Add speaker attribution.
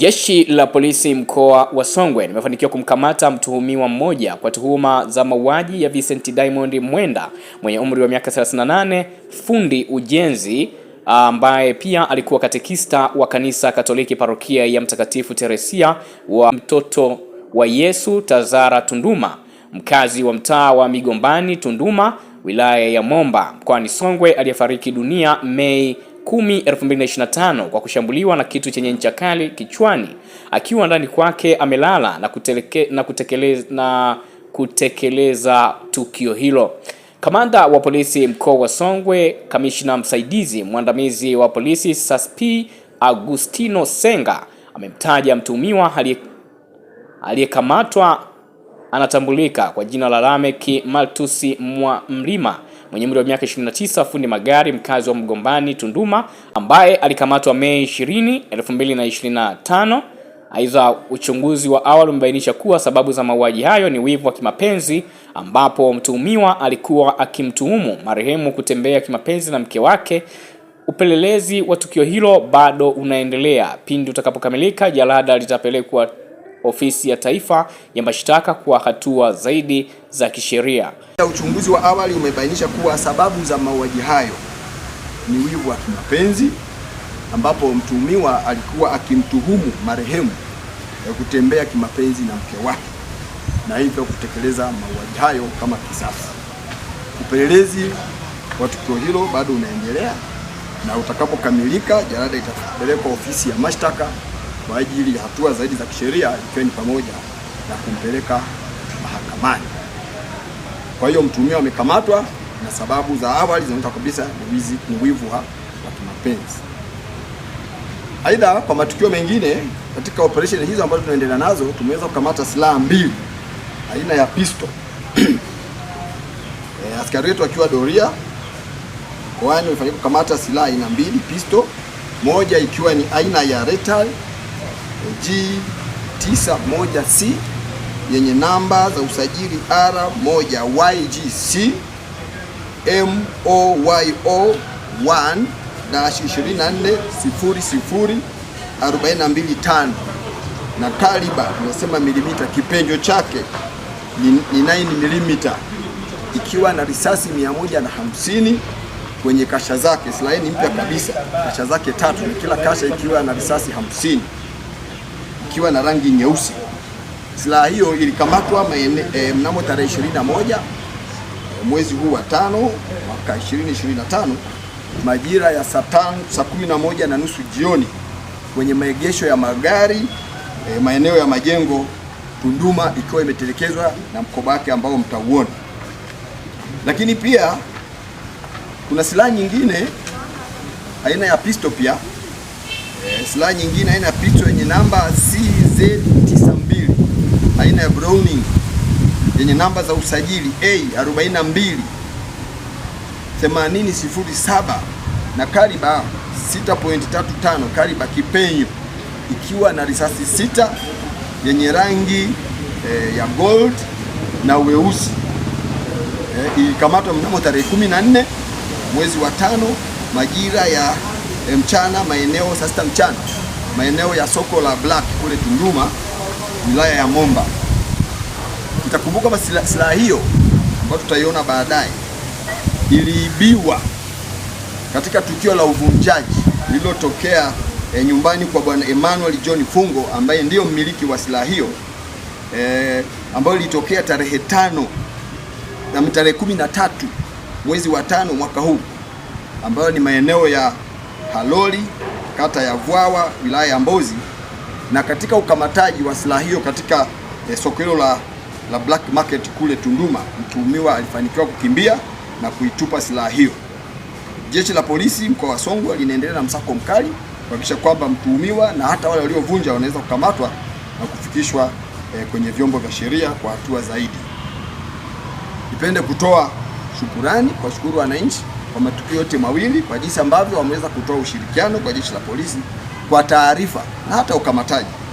Speaker 1: Jeshi la polisi mkoa wa Songwe limefanikiwa kumkamata mtuhumiwa mmoja kwa tuhuma za mauaji ya Vincent Diamond Mwenda mwenye umri wa miaka 38, fundi ujenzi ah, ambaye pia alikuwa katekista wa kanisa Katoliki parokia ya Mtakatifu Teresia wa mtoto wa Yesu Tazara Tunduma, mkazi wa mtaa wa Migombani Tunduma, wilaya ya Momba mkoani Songwe aliyefariki dunia Mei 10, 2025 kwa kushambuliwa na kitu chenye ncha kali kichwani akiwa ndani kwake amelala na, kuteleke, na, kutekeleza, na kutekeleza tukio hilo. Kamanda wa polisi mkoa wa Songwe, kamishna msaidizi mwandamizi wa polisi Saspi Agustino Senga amemtaja mtuhumiwa aliyekamatwa anatambulika kwa jina la rameki Maltusi Mwa Mlima mwenye umri wa miaka 29, fundi magari, mkazi wa Mgombani, Tunduma, ambaye alikamatwa Mei 20, 2025. Aidha, uchunguzi wa awali umebainisha kuwa sababu za mauaji hayo ni wivu wa kimapenzi, ambapo mtuhumiwa alikuwa akimtuhumu marehemu kutembea kimapenzi na mke wake. Upelelezi wa tukio hilo bado unaendelea. Pindi utakapokamilika, jalada litapelekwa Ofisi ya Taifa ya Mashtaka kwa hatua zaidi za kisheria.
Speaker 2: Uchunguzi wa awali umebainisha kuwa sababu za mauaji hayo ni wivu wa kimapenzi, ambapo mtuhumiwa alikuwa akimtuhumu marehemu ya kutembea kimapenzi na mke wake na hivyo kutekeleza mauaji hayo kama kisasi. Upelelezi wa tukio hilo bado unaendelea na utakapokamilika, jalada itapelekwa ofisi ya mashtaka kwa ajili ya hatua zaidi za kisheria ikiwa ni pamoja na kumpeleka mahakamani. Kwa hiyo mtuhumiwa amekamatwa na sababu za awali zinaonyesha kabisa ni wivu wa kimapenzi. Aidha, kwa matukio mengine katika operesheni hizo ambazo tunaendelea nazo, tumeweza kukamata silaha mbili aina ya pisto e, eh, askari wetu akiwa doria mkoani wamefanikiwa kukamata silaha aina mbili pisto, moja ikiwa ni aina ya retail G91C yenye namba za usajili R1YGC MOYO 1-2400425 na kaliba tunasema milimita, kipenjo chake ni 9 milimita, ikiwa na risasi 150 kwenye kasha zake. Silaini mpya kabisa, kasha zake tatu kila kasha ikiwa na risasi 50 ikiwa na rangi nyeusi. Silaha hiyo ilikamatwa e, mnamo tarehe 21 eh, mwezi huu wa tano mwaka 2025 majira ya saa saa kumi na moja na nusu jioni kwenye maegesho ya magari e, maeneo ya majengo Tunduma, ikiwa imetelekezwa na mkoba wake ambao mtauona. Lakini pia kuna silaha nyingine aina ya pistol pia Eh, silaha nyingine aina ya pito yenye namba CZ92 aina ya Browning yenye namba za usajili A42 8007 na kaliba 6.35 kaliba kipenyo ikiwa na risasi sita yenye rangi eh, ya gold na weusi eh, ilikamatwa mnamo tarehe 14 mwezi wa tano majira ya Eh, mchana maeneo saa sita mchana maeneo ya soko la Black kule Tunduma, wilaya ya Momba. Itakumbuka kwamba silaha hiyo ambayo tutaiona baadaye iliibiwa katika tukio la uvunjaji lililotokea e, nyumbani kwa bwana Emmanuel John Fungo ambaye ndiyo mmiliki wa silaha hiyo e, ambayo ilitokea tarehe tano na tarehe kumi na tatu mwezi wa tano mwaka huu ambayo ni maeneo ya Haloli, kata ya Vwawa, wilaya ya Mbozi, na katika ukamataji wa silaha hiyo katika eh, soko hilo la, la black market kule Tunduma, mtuhumiwa alifanikiwa kukimbia na kuitupa silaha hiyo. Jeshi la polisi mkoa wa Songwe linaendelea na msako mkali kuhakikisha kwamba mtuhumiwa na hata wale waliovunja wanaweza kukamatwa na kufikishwa eh, kwenye vyombo vya sheria kwa hatua zaidi. Nipende kutoa shukurani kwa shukuru wananchi kwa matukio yote mawili kwa jinsi ambavyo wameweza kutoa ushirikiano kwa jeshi la polisi kwa taarifa na hata ukamataji.